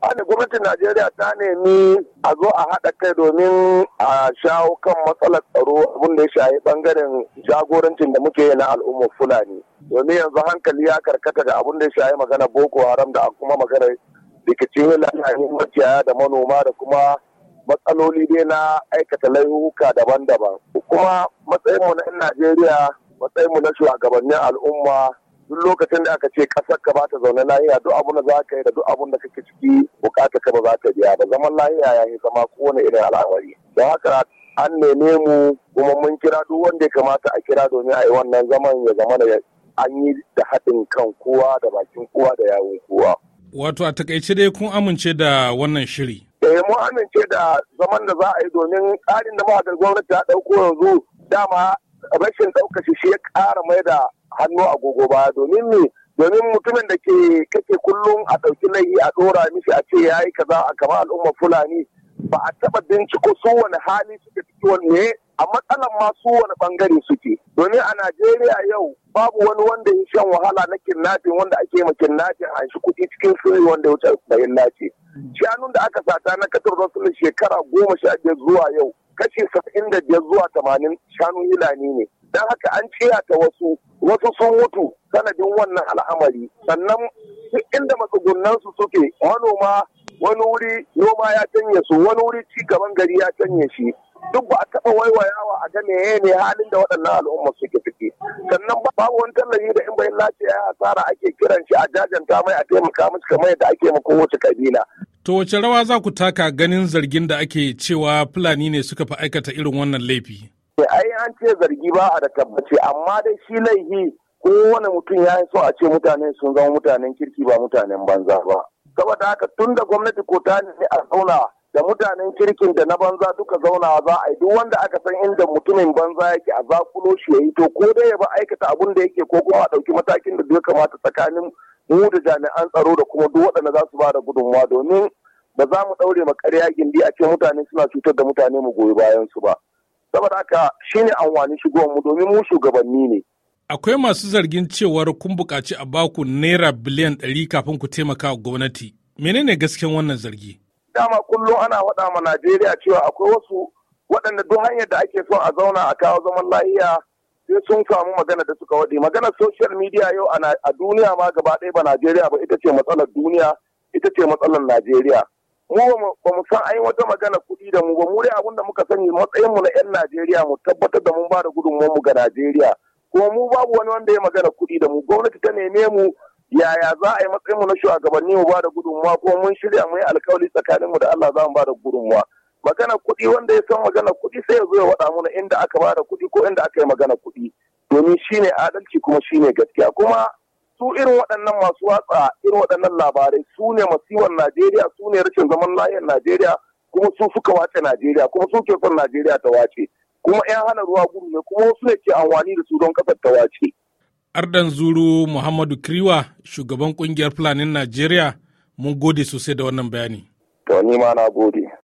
ana gwamnatin Najeriya ta nemi a zo a haɗa kai domin a shawo kan matsalar tsaro abin da ya shayi ɓangaren jagorancin da muke yi na al'umma Fulani. Domin yanzu hankali ya karkata da abin da ya shayi magana Boko Haram da kuma magana rikicin lalani makiyaya da manoma da kuma matsaloli dai na aikata laifuka daban-daban. Kuma matsayinmu na 'yan Najeriya, matsayinmu na shugabannin al'umma duk lokacin da aka ce kasar ka ba ta zaune lahiya duk abun da za ka yi da duk abun da kake ciki bukata ka ba za ta biya ba zaman lahiya ya yi zama kowane irin al'amari don haka an neme mu kuma mun kira duk wanda ya kamata a kira domin a yi wannan zaman ya zama da an yi da haɗin kan kowa da bakin kowa da yawon kowa. Wato a takaice dai kun amince da wannan shiri. Eh mun amince da zaman da za a yi domin tsarin da ma'adar gwamnati ta ɗauko yanzu dama rashin ɗaukashi shi ya ƙara mai da hannu agogo ba domin me domin mutumin da ke kake kullum a ɗauki laifi a ɗora mishi a ce yayi kaza a kama al'umma fulani ba a taɓa binciko su wani hali suke ciki wanne a matsalan ma su wani bangare suke domin a najeriya yau babu wani wanda ya shan wahala na kidnapping wanda ake ma kidnapping an shi kuɗi cikin sirri wanda ya wuce bayan lace shanun da aka sata na katar rasulun shekara goma sha biyar zuwa yau kashi saba'in da biyar zuwa tamanin shanun hilani ne don haka an ta wasu wasu sun mutu sanadin wannan al'amari sannan duk inda matsugunansu suke manoma wani wuri noma ya canye su wani wuri ci gaban gari ya canye shi duk ba a taɓa waiwayawa a ga meye ne halin da waɗannan al'umma suke ciki sannan babu wani tallafi da in bai lace ya asara ake kiran shi a jajanta mai a taimaka musu kamar yadda ake ma kowace kabila. To wace rawa za ku taka ganin zargin da ake cewa Fulani ne suka fi aikata irin wannan laifi? ai an ce zargi ba a da tabbaci amma dai shi laihi kowane mutum ya yi so a ce mutane sun zama mutanen kirki ba mutanen banza ba saboda haka tun da gwamnati ko ta ne a zauna da mutanen kirkin da na banza duka zauna za a yi duk wanda aka san inda mutumin banza yake a zakulo shi ya yi to ko dai ya ba aikata abun da yake ko kuma a ɗauki matakin da duka kamata tsakanin mu da jami'an tsaro da kuma duk waɗanda za su ba da gudunmawa domin ba za mu ɗaure ma ƙarya gindi a ce mutane suna cutar da mutane mu goyi bayan su ba. saboda haka shine amfani shigo mu domin mu shugabanni ne akwai masu zargin cewa kun buƙaci a baku naira biliyan ɗari kafin ku taimaka gwamnati menene gasken wannan zargi dama kullum ana faɗa ma najeriya cewa akwai wasu waɗanda duk hanyar da ake so a zauna a kawo zaman lahiya sai sun samu magana da suka waɗe maganar social media yau a duniya ma gaba ɗaya ba najeriya ba ita ce matsalar duniya ita ce matsalar najeriya mu ba mu san ai wata magana kuɗi da mu ba mu dai abun da muka sani matsayin mu na 'yan Najeriya mu tabbatar da mun ba da gudunmuwar mu ga Najeriya kuma mu babu wani wanda ya magana kuɗi da mu gwamnati ta neme mu yaya za a yi matsayin mu na shugabanni mu ba da gudunmuwa ko mun shirya mu yi alkawari tsakanin mu da Allah za mu ba da gudunmuwa magana kuɗi wanda ya san magana kuɗi sai ya zo ya waɗa mana inda aka ba da kuɗi ko inda aka yi magana kuɗi domin shine adalci kuma shine gaskiya kuma su irin waɗannan masu watsa irin waɗannan labarai su ne masiwan Najeriya su ne rashin zaman layin Najeriya kuma su suka wace Najeriya kuma su ke son Najeriya ta wace kuma 'yan hana ruwa gudu ne kuma wasu ne ke amfani da su don ƙasar ta wace. Ardan Zuru Muhammadu kiriwa shugaban ƙungiyar Fulanin Najeriya mun gode sosai da wannan bayani. To ni ma na gode.